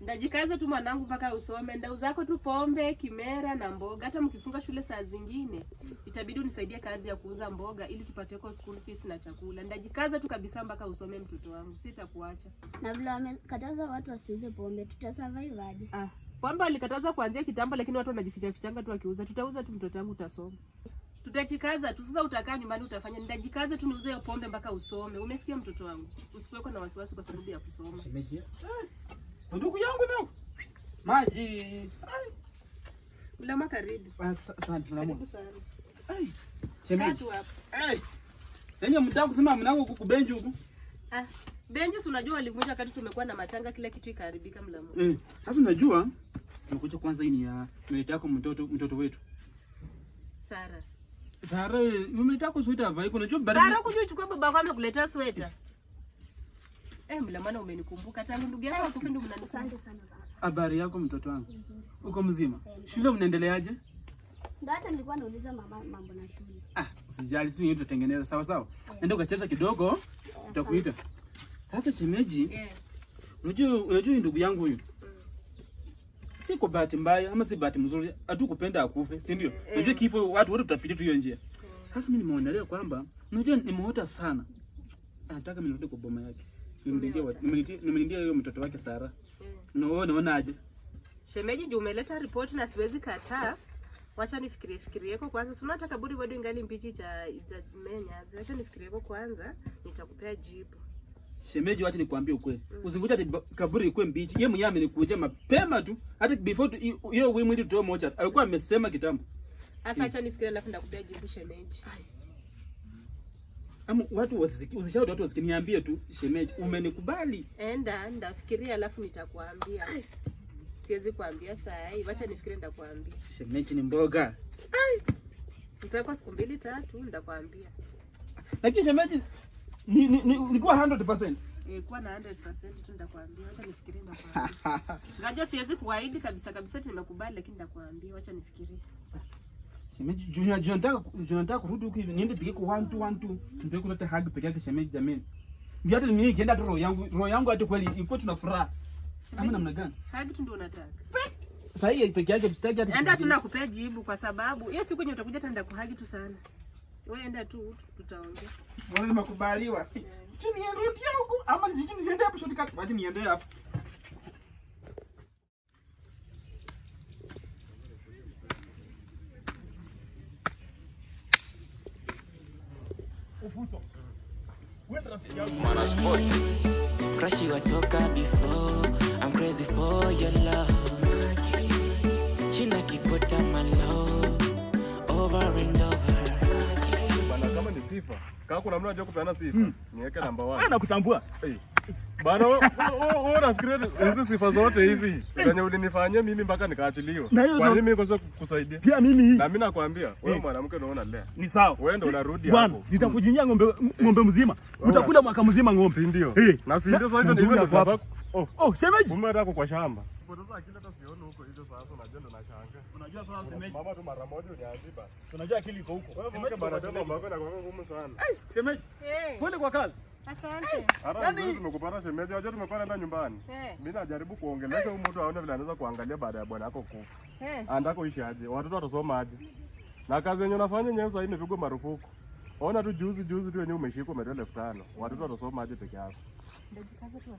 Ndajikaza tu mwanangu mpaka usome. Ndau zako tu pombe, kimera na mboga. Hata mkifunga shule saa zingine itabidi unisaidie kazi ya kuuza mboga ili tupate kwa school fees na chakula. Ndajikaza tu kabisa mpaka usome, mtoto wangu, sitakuacha. Na vile wamekataza watu wasiuze pombe, tutasurvive aje? Ah, pombe walikataza kuanzia kitambo, lakini watu wanajifichafichanga fichanga tu wakiuza. Tutauza tu, mtoto wangu, utasoma tutajikaza tu. Sasa utakaa nyumbani utafanya, nitajikaza tu niuze pombe mpaka usome. Umesikia mtoto wangu, usikuweko na wasiwasi kwa sababu ya kusoma. Eh. Ndugu yangu nangu maji mlama, karibu ah, karibu sana. Ai. Shemeji yenye mtangu sema mnango kukubenji huku ah, benji si unajua alivunja wakati tumekuwa na matanga, kila kitu ikaharibika mlama. Eh, sasa unajua nakuja kwanza hii ni ya uh, yako mtoto mtoto wetu Sara Sara, umelitaka sweta hapa. Iko unajua baridi. Sara, kujua chukua baba yako amekuletea sweta. Eh, mla maana umenikumbuka tangu ndugu yako eh. akupenda mnanisante sana baba. Habari yako mtoto wangu? Uko mzima? Eh, shule unaendeleaje? Ndio hata nilikuwa nauliza mama mambo na shule. Ah, usijali, sisi tutatengeneza sawa sawa. Eh. Enda ukacheza kidogo, tutakuita. Sasa shemeji, unajua unajua ndugu yangu huyu si kwa bahati mbaya ama si bahati mzuri, atukupenda akufe, si ndio? Eh. Unajua mm. kifo watu wote tutapita tu hiyo njia. Sasa mimi nimeonelea kwamba unajua nimeota sana. Anataka mimi nirudi kwa boma yake. Nimlindia watu, nimlindia yule mtoto wake Sara. Mm. Na wewe unaonaje? Shemeji, juu umeleta ripoti na siwezi kataa. Wacha nifikirie fikirie fikirieko kwanza. Si unaona kaburi bado ingali mbichi, itamenya. Wacha nifikirieko kwanza, nitakupea jibu. Shemeji, wacha nikuambie ukweli. Mm. Usingoje ati kaburi ikuwe mbichi. Ye mnyame ni amenikuja mapema tu. Hata before tu hiyo wewe mwili tuto mocha. Alikuwa amesema kitambo. Sasa acha nifikirie alafu ndakupea jibu shemeji. Amu watu wasisikie, usishauri watu wasikie, Niambia tu shemeji, umenikubali. Enda, nda ndafikiria alafu nitakwambia. Siwezi kuambia saa hii. Wacha nifikirie ndakwambia. Shemeji ni mboga. Ai. Nipelekwa siku mbili tatu ndakwambia. Lakini shemeji ni, nikuwa 100%. Nikuwa na 100% tu nitakwambia, acha nifikirie siwezi kuahidi kabisa kabisa nimekubali lakini nitakwambia, acha nifikirie. Shemeji, nataka kurudi hivi niende pige kwa hug peke yake shemeji jamani. Ndio hata mimi nikienda roho yangu, roho yangu hata kweli iko tuna furaha. namna gani? Hug tu ndio Sasa hii peke yake hata. Enda yaani jibu kwa sababu hiyo siku utakuja tenda tu sana. Waenda tu tutaongea. Wewe nimekubaliwa? Eh. Tu niende pia huko ama nizidi niende hapo shoti kati. Waje niende hapo. Ufuto. Crush you toka before. I'm crazy for your love. China kikota my love. Over and over ni sifa. Kaka kuna mtu anajua kupeana sifa. Hmm. Niweke namba 1. Ana kutambua. Bana wewe unafikiria hizi sifa zote hizi zenye ulinifanyia mimi mpaka nikaachiliwa. Kwa nini mimi kosa kukusaidia? Pia mimi. Na mimi nakwambia wewe eh. mwanamke unaona lea. Ni sawa. Wewe ndio unarudi hapo. nitakujinyia ng'ombe eh. ng'ombe mzima. Utakula mwaka mzima ng'ombe. Si ndio? Eh. Na si ndio sasa hizo ndio baba. Oh, oh, shemeji. Mume atako kwa shamba. Sasa akili hata sioni huko hivyo sasa unajua ndo nashangaa. Unajua sasa shemeji. Mama tu mara moja uniaziba. Unajua akili iko huko. Shemeji bana ndio mambo yako ngumu sana. Shemeji. Kwende kwa kazi. Asante. Hata tumekupata shemeji, wajua tumekuwa naenda nyumbani. Hey. Eh. Mimi najaribu kuongelesha huyu mtu aone vile anaweza kuangalia baada ya bwana yako kufa. Hey. Eh. Anataka ishi aje? Watoto watasoma aje? Na kazi yenyewe unafanya nyewe sasa imepigwa marufuku. Ona tu juzi juzi tu wenyewe umeshikwa umetoa elfu tano. Watoto watasoma aje peke yako? Ndajikaza tu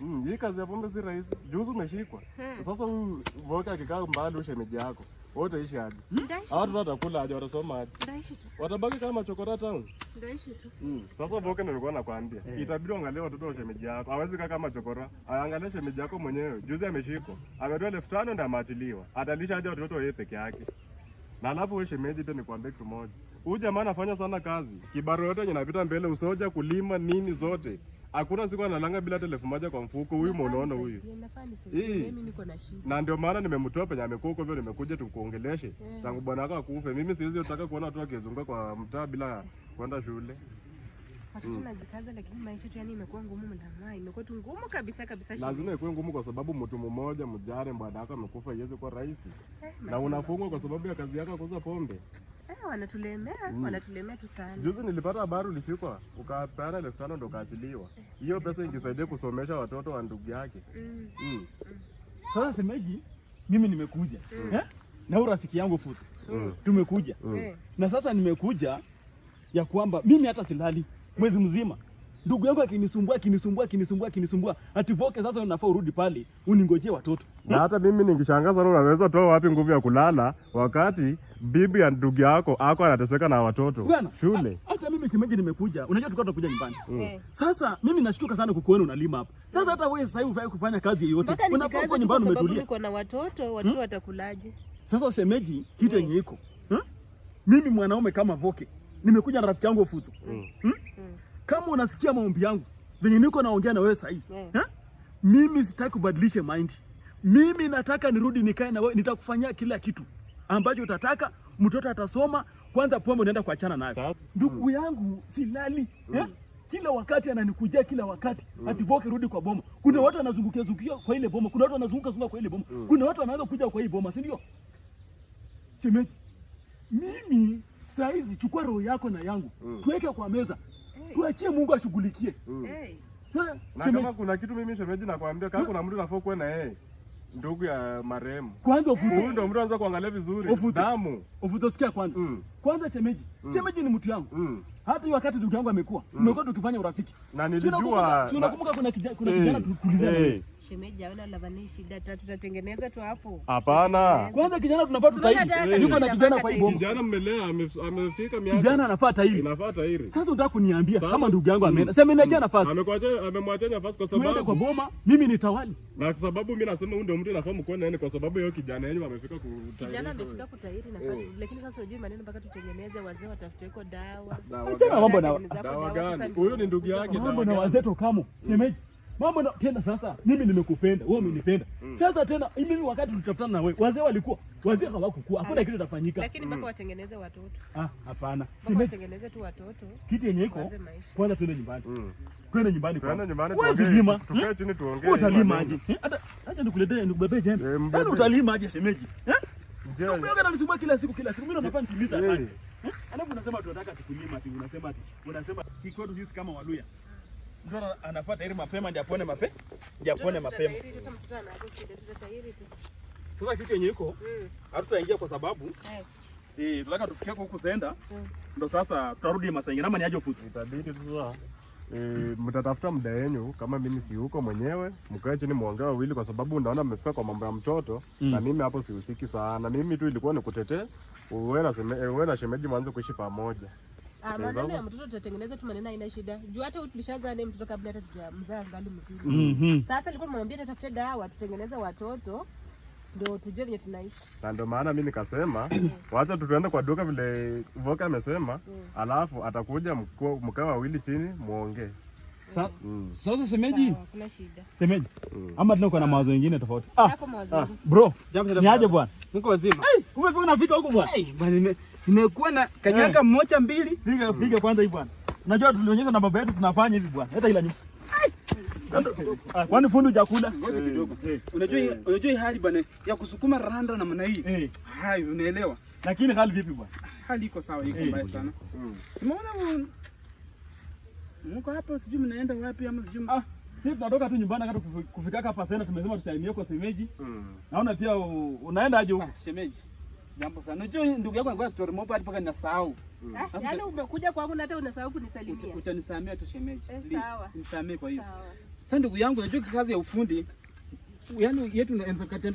Mm, hii kazi ya pombe si rahisi. Juzi umeshikwa. Hey. Eh. Sasa huyu voka akikaa mbali ushemeji yako. Wewe utaishi hadi? Hao watu watakula aje? Watasoma hadi? Watabaki kama chokora town? Ndaishi tu. Mm. Sasa boke nilikuwa nakwambia. Yeah. Itabidi uangalie watoto wa shemeji yako. Hawezi kaa kama chokora. Aangalie shemeji yako mwenyewe. Juzi ameshikwa. Ametoa elfu tano ndio ameachiliwa. Atalisha aje watoto yeye peke yake? Na alafu wewe shemeji pia nikwambie kitu moja. Huyu jamaa anafanya sana kazi. Kibarua yote inapita mbele usoja kulima nini zote hakuna siku anananga bila telefu moja kwa mfuko. Huyu munaona huyu na ndio maana nimemtoa penye amekuwa huko, hivyo nimekuja tukuongeleshe yeah. Tangu bwana wako akufe, mimi siwezi taka kuona watu wakizunguka kwa mtaa bila kwenda shule. mm. Tunajikaza lakini maisha tu yani imekuwa ngumu ndamai, imekuwa tu ngumu kabisa kabisa. Lazima ikuwe ngumu kwa sababu mtu mmoja mjare mbadaka amekufa, iweze kuwa rahisi eh, na unafungwa kwa sababu ya kazi yako kuuza pombe. Eh, wanatulemea mm. Wanatulemea tu sana. Juzi nilipata habari ulifikwa ukapeana elfu tano ndo ukaachiliwa. Hiyo eh. pesa ingesaidia kusomesha watoto wa ndugu yake mm. mm. mm. Sasa semeji, mimi nimekuja mm. eh? na huyu rafiki yangu futi mm. tumekuja mm. Eh. na sasa nimekuja ya kwamba mimi hata silali mwezi mzima ndugu yangu akinisumbua akinisumbua akinisumbua akinisumbua, ati voke sasa, unafaa urudi pale uningojee watoto hmm? na hata mimi ningishangaza, na unaweza toa wapi nguvu ya kulala wakati bibi ya ndugu yako ako anateseka na watoto Bwana, shule. Hata mimi shemeji, nimekuja unajua, tulikuwa tunakuja nyumbani hmm. Sasa mimi nashtuka sana kukuona unalima hapa sasa. Hata wewe sasa hivi ufai kufanya kazi yoyote, unafaa uko nyumbani umetulia. Niko na watoto, hmm? watoto watakulaje? Sasa shemeji, kitu hmm. yenye hmm. iko hmm? mimi mwanaume kama Voke, nimekuja na rafiki yangu Fuzo hmm. hmm? mm kama unasikia maombi yangu venye niko naongea na wewe sahii mm. Eh? mimi sitaki kubadilisha mind. Mimi nataka nirudi nikae na wewe, nitakufanyia kila kitu ambacho utataka. Mtoto atasoma kwanza, pombe unaenda kuachana nayo. Ndugu mm. yangu silali eh? mm. eh? kila wakati ananikujia kila wakati mm. ati rudi kwa boma. Kuna mm. watu wanazungukia zungukia kwa ile boma, kuna watu wanazunguka zunguka kwa ile boma mm. kuna watu wanaanza kuja kwa hii boma, si ndio? Shemeji, mimi saizi chukua roho yako na yangu mm. tuweke kwa meza tuachie Mungu ashughulikie. Mm. Na kama kuna kitu mimi shemeji nakwambia, kama kuna mtu nafaa kuwa na yeye ndugu ya marehemu kwanza, ufuto ndio mtu anaanza kuangalia vizuri damu, ufute. sikia kwanza, hmm. kwanza shemeji mm. Shemeji ni mtu yangu mm. Hata wakati ndugu yangu amekuwa mm. tukifanya urafiki na nilijua, tunakumbuka kuna kijana kuna kijana tulizaa hey. Shemeji haona labani shida tatu tutatengeneza tu hapo. Hapana, kwanza kijana tunafaa tutairi, yuko na kijana kwa hiyo kijana mmelea amefika miaka, kijana anafaa tairi, anafaa tairi. Sasa unataka kuniambia kama ndugu yangu mm. ameenda, sema niachia nafasi, amekuacha amemwachia nafasi kwa sababu kwa boma mimi nitawali, na kwa sababu mimi nasema huyu ndio mtu anafaa mkono naye kwa sababu hiyo kijana yenyewe amefika kutairi, kijana amefika kutairi na eh. lakini sasa unajua maneno mpaka tutengeneze wazee watafute ko dawa. Achana mambo na ni ndugu yake. Mambo na wazeto kamo. Hmm. Shemeji. Mambo na tena sasa mimi nimekupenda, wewe umenipenda. Mm. Sasa tena mimi wakati tulikutana na wewe, wazee walikuwa, wazee hawakukuwa. Hakuna ah, kitu kitafanyika. Lakini mpaka hmm. watengeneze watoto. Ah, hapana. Watengeneze tu watoto. Kitu yenye iko kwanza twende nyumbani. Twende nyumbani Twende nyumbani Wewe lima. Tukae eh? chini tuongee. Utalima aje? Eh, hata acha nikuletee nikubebee jembe. Eh, utalima aje shemeji? Eh? Ndio. Ndio kana kila siku kila siku mimi ndo nafanya kimiza. Alafu unasema tunataka tukulima ati unasema ati unasema kikwetu sisi kama Waluya. Mtoto anafuata ili mapema ndio apone mape. Ndio apone mapema. Sasa kitu yenye iko hatutaingia kwa sababu eh, tunataka tufikie huko kusenda. Ndio sasa tutarudi Masai. Nama ni aje futi. Itabidi tu E, mtatafuta muda wenyu kama mimi si huko mwenyewe, mkae chini muongee wawili, kwa sababu unaona mmefika kwa mambo ya mtoto mm. na mimi hapo sihusiki sana. Mimi tu ilikuwa ni kutetee wewe na shemeji mwanze kuishi pamoja. Ah, eh, maneno ya mtoto tutatengeneza tu maneno, haina shida. Juu hata tulishazaa naye mtoto kabla hata tujamzaa ngali mzima. Mm -hmm. Sasa nilikuwa nimwambia tutafute dawa tutengeneze watoto ndio tujue vile tunaishi, na ndio maana mimi nikasema wacha tutuende kwa duka vile Voka amesema, mm. alafu atakuja mkao wawili chini muongee. Sasa mm. sasa, semeji, kuna shida mm. ama tunakuwa na mawazo mengine tofauti. Ah, ah, bro, ni aje bwana, niko wazima. Kumbe pia vitu huko bwana. Nimekuwa na kanyaka mmoja eh. mbili. Piga piga kwanza hii bwana. Unajua tulionyesha na baba yetu tunafanya hivi bwana, hata ila nyuma Ah, kwani fundi chakula? Eh. Unajua unajua hii hali bwana ya kusukuma randa na maana hii. Eh. Hai, unaelewa. Lakini hali vipi bwana? Hali iko sawa, iko eh. mbaya sana. Umeona mko hapa sijui mnaenda wapi ama sijui ah. Sisi tunatoka tu nyumbani hata kufika hapa sasa tumesema tusalimie kwa semeji. Hmm. Naona pia unaenda aje huko? Ah, semeji. Jambo sana. Unajua ndugu yako anakuwa story mopa hadi paka ninasahau. Hmm. Ah, yaani umekuja kwangu na hata unasahau kunisalimia. Utanisamea tu shemeji. Please, nisamee kwa hiyo. Sasa ndugu yangu, unajua kazi ya ufundi yani yetu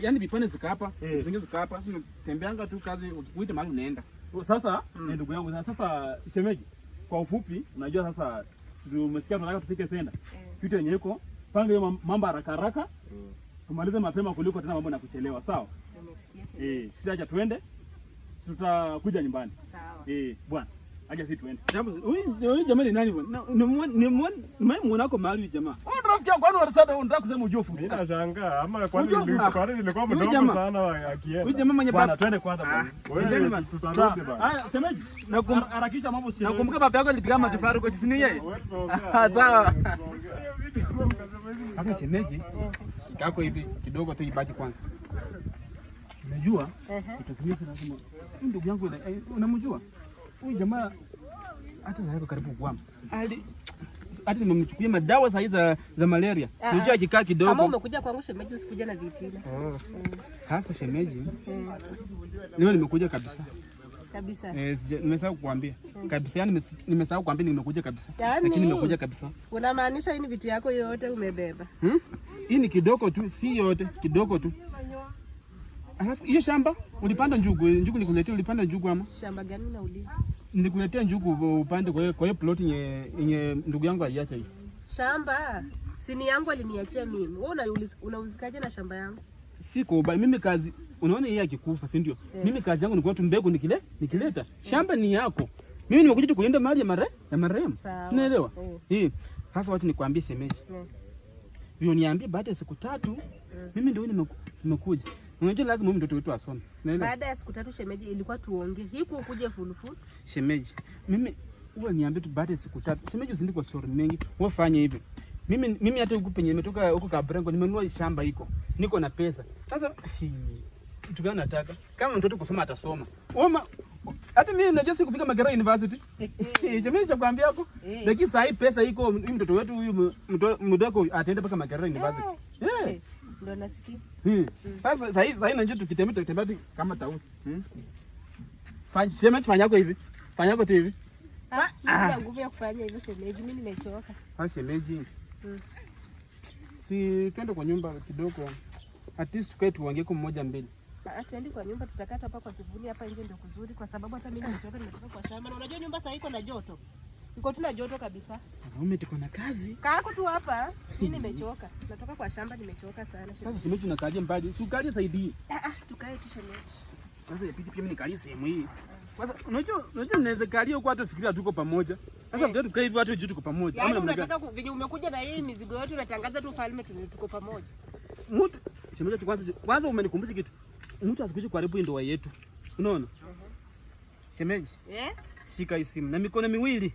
yani vipande zika hapa mm. Zingine zika hapa sasa, tembeanga tu kazi ukikuita mahali unaenda sasa. Mm. Eh, ndugu yangu sasa, shemeji, kwa ufupi, unajua sasa tumesikia tunataka tufike senda mm. kitu yenyewe iko panga hiyo mambo haraka haraka mm. tumalize mapema kuliko tena mambo na kuchelewa, sawa eh? Sasa twende, tutakuja nyumbani sawa eh bwana. Acha sisi tuende. Huyu jamaa ni nani bwana? Nimemwona mwanako mahali jamaa. Wewe rafiki yangu kwani unataka unataka kusema ujofu? Mimi nashangaa ama kwani kwani nilikuwa mdogo sana akienda. Huyu jamaa mwenye bana twende kwanza bwana. Ah, twende bwana. Tutarudi bwana. Haya semeji nakumharakisha ah, mambo sio. Nakumbuka baba yako alipiga matofali ah, huko chini yeye. Sawa. Sasa semeji shikako hivi kidogo tu ibaki kwanza. Unajua? Utasema lazima ndugu yangu eh, unamjua? huyu jamaa hata sasa karibu kuama ali hata nimemchukulia madawa sahi za, za malaria unajua, ah, ah. akikaa kidogo. Kama umekuja kwangu shemeji, usikuja na vitina. Oh. Mm. Sasa shemeji, mm. leo nimekuja kabisa kabisa. Eh, nimesahau kukuambia mm. kabisa, yani nimesahau kukuambia nimekuja kabisa, lakini nimekuja kabisa. Unamaanisha hii ni vitu yako yote umebeba? Hmm? Hii ni kidogo tu, si yote, kidogo tu. Alafu hiyo shamba ulipanda njugu, njugu nikuletea, ulipanda njugu ama? Shamba gani nauliza? Nikuletea njugu upande kwa kwa hiyo plot yenye yenye ndugu yangu aliacha hiyo. Shamba sini yangu aliniachia mimi. Wewe unauzikaje na shamba yangu? Siko ba mimi kazi unaona yeye akikufa si ndio? Yeah. Mimi kazi yangu ni kwa mbegu nikile nikileta. Yeah. Shamba ni yako. Mimi nimekuja tu kulinda mali ya mare ya marehemu. Unaelewa? Yeah. Eh. Sasa wacha nikwambie shemeji. Yeah. Niambie baada ya siku tatu yeah. mimi ndio nimekuja. Unajua lazima huyu mtoto wetu asome. Unaelewa? Baada ya siku tatu shemeji, ilikuwa tuongee. Hiku ukuje fulufulu. Shemeji, mimi uwe niambie tu baada ya siku tatu. Shemeji usindi kwa story mengi. Wewe fanya hivi. Mimi mimi hata huku penye nimetoka huko Kabrengo nimenunua shamba iko. Niko na pesa. Sasa kitu gani nataka? Kama mtoto kusoma atasoma. Woma hata mimi najua siku kufika Makerere University. Eh. Shemeji cha kuambia hapo. Eh. Lakini saa hii pesa iko mtoto wetu huyu mdogo ataenda mpaka Makerere University. Eh. eh ndio nasikia. Hmm. hmm. Sasa sasa hivi najua tukitembea tukitembea kama tausi. Hmm. Fanya shemeji fanya yako hivi. Fanya yako tu hivi. Ah, sina ah. nguvu ya kufanya hivyo shemeji, mimi nimechoka. Ah, shemeji. Hmm. Si twende kwa nyumba kidogo. At least tukae tuongee kwa mmoja mbili. Ah, Tuende kwa nyumba tutakata hapa kwa kivuli hapa nje ndio kuzuri kwa sababu hata mimi nimechoka nimetoka kwa shamba na unajua nyumba sasa iko na joto. Uko tuna joto kabisa. Mwanaume tuko na kazi. Kaako tu hapa. Mimi nimechoka. Natoka kwa shamba nimechoka sana. Sasa simeti unakaaje mbali? Si ukaje saidii. Ah ah, tukae tu shemeti. Kwanza ya pili pia mimi nikalie sehemu hii. Kwanza unajua unajua mnaweza kalia huko watu fikiria tuko pamoja. Sasa eh. mtu tukae hivi watu tuko pamoja. Yaani unataka venye umekuja na hii mizigo yote unatangaza tu falme tuko pamoja. Mtu tu kwanza kwanza umenikumbusha kitu. Mtu asikuje kuharibu ndoa yetu. Unaona? Uh-huh. Shemeji. Eh? Shika hii simu na mikono miwili.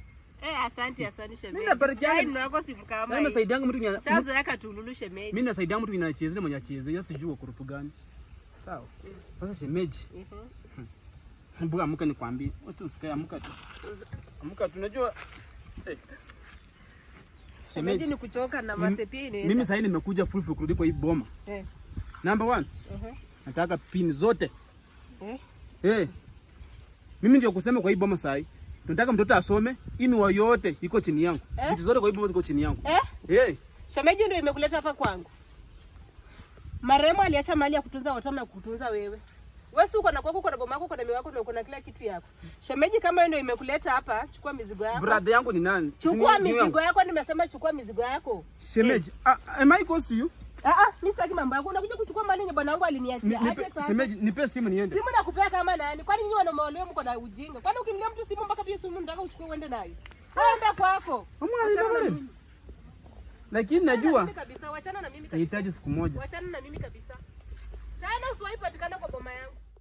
Mimi nasaidia mtu inachezea mwenye achezea sijui kurupu gani. Sawa. Sasa shemeji. Mhm. Hmm. Mbona amka nikwambie. Wewe usikae amka tu. Amka tunajua. Shemeji ni kuchoka na masepini. Mimi sasa nimekuja full full kurudi kwa hii boma. Eh. Number 1. Mhm. Nataka pin zote. Eh. Eh. Mimi ndio kusema kwa hii boma sasa. Tunataka mtoto asome. inua yote iko chini yangu. Eh? Vitu Eh? zote kwa hivyo ziko chini yangu. Eh? Hey. Shemeji ndio imekuleta hapa kwangu. Marehemu aliacha mali ya kutunza watu na kutunza wewe. Wewe si uko na kwako, uko na bomako, uko na miwako na uko na kila kitu yako. Shemeji kama hiyo ndio imekuleta hapa, chukua mizigo yako. Brother yangu ni nani? Chukua mizigo yako, nimesema chukua mizigo yako. Shemeji, hey. Eh? Ah, ah, am I close to you? Ah, ah, mimi sitaki mambo yako. Unakuja kuchukua mali yenye bwana wangu aliniachia. Aje sasa. Semeje, nipe simu niende. Simu nakupea kama nani? Kwani nyinyi wana maoleo mko na ujinga? Kwani ukimlia mtu simu mpaka pia simu mtaka uchukue uende nayo? Enda kwako. Lakini najua nahitaji siku moja. Wachana na mimi kabisa. Sana usiwahi patikana kwa boma yangu.